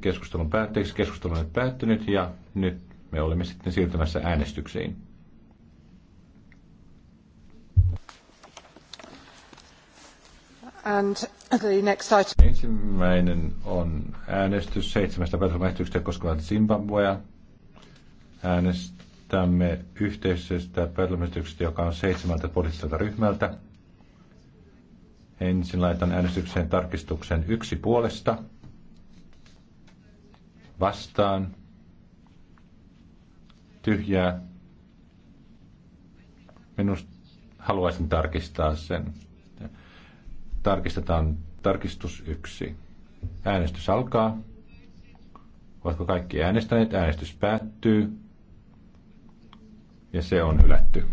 keskustelun päätteeksi. Keskustelu on nyt päättynyt ja nyt me olemme sitten siirtymässä äänestyksiin. And the next item. Ensimmäinen on äänestys seitsemästä päätösmääristyksestä koskevat Zimbabwea. Äänestämme yhteisestä päätösmääristyksestä, joka on seitsemältä poliittiselta ryhmältä. Ensin laitan äänestykseen tarkistuksen yksi puolesta vastaan, tyhjää. Minusta haluaisin tarkistaa sen. Tarkistetaan tarkistus yksi. Äänestys alkaa. Ovatko kaikki äänestäneet? Äänestys päättyy. Ja se on hylätty.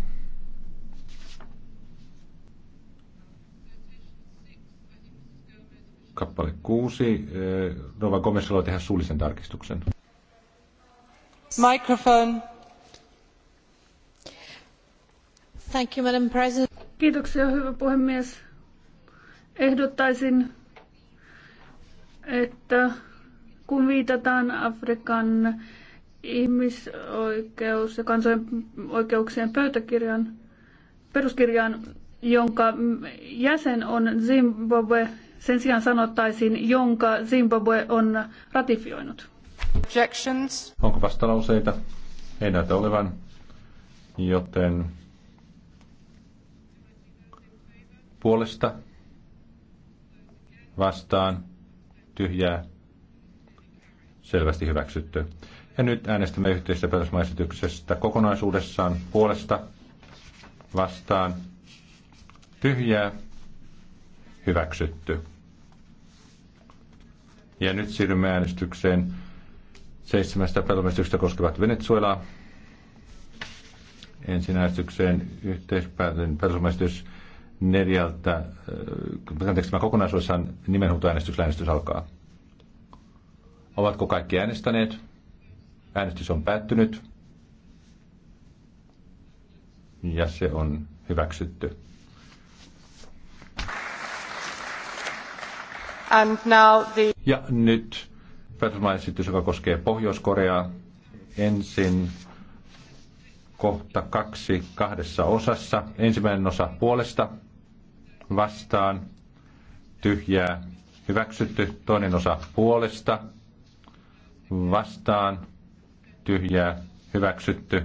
kappale 6. Eh, Rova Gomes haluaa tehdä suullisen tarkistuksen. Microphone. Thank you, Madam President. Kiitoksia, hyvä puhemies. Ehdottaisin, että kun viitataan Afrikan ihmisoikeus- ja kansojen oikeuksien pöytäkirjan peruskirjaan, jonka jäsen on Zimbabwe sen sijaan sanottaisiin, jonka Zimbabwe on ratifioinut. Objections. Onko vastalauseita? Ei näytä olevan, joten puolesta vastaan tyhjää selvästi hyväksytty. Ja nyt äänestämme yhteisestä päätösmaisityksestä kokonaisuudessaan puolesta vastaan tyhjää hyväksytty. Ja nyt siirrymme äänestykseen seitsemästä päätömestyksestä koskevat Venezuelaa. Ensin äänestykseen yhteispäätön päätösmäistys neljältä, äh, anteeksi, tämä kokonaisuudessaan nimenhuutoäänestyksellä äänestys alkaa. Ovatko kaikki äänestäneet? Äänestys on päättynyt. Ja se on hyväksytty. And now the... Ja nyt päätösmaesitys, joka koskee Pohjois-Koreaa. Ensin kohta kaksi kahdessa osassa. Ensimmäinen osa puolesta vastaan tyhjää hyväksytty. Toinen osa puolesta vastaan tyhjää hyväksytty.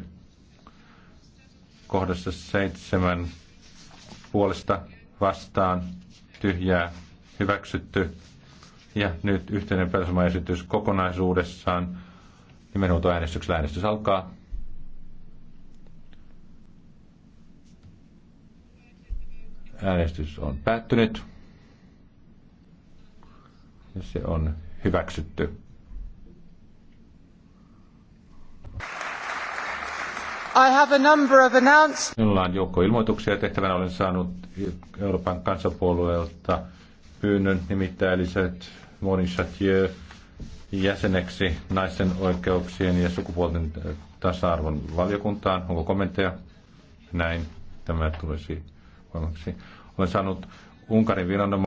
Kohdassa seitsemän puolesta vastaan tyhjää hyväksytty. Ja nyt yhteinen päätösmaesitys kokonaisuudessaan. tuo äänestyksellä äänestys alkaa. Äänestys on päättynyt. Ja se on hyväksytty. I have a number of announcements. Minulla on joukko ilmoituksia tehtävänä. Olen saanut Euroopan kansanpuolueelta pyynnön nimittäin Elisabeth monissa Chatier jäseneksi naisten oikeuksien ja sukupuolten äh, tasa-arvon valiokuntaan. Onko kommentteja? Näin tämä tulisi voimaksi. Olen saanut Unkarin viranomaisen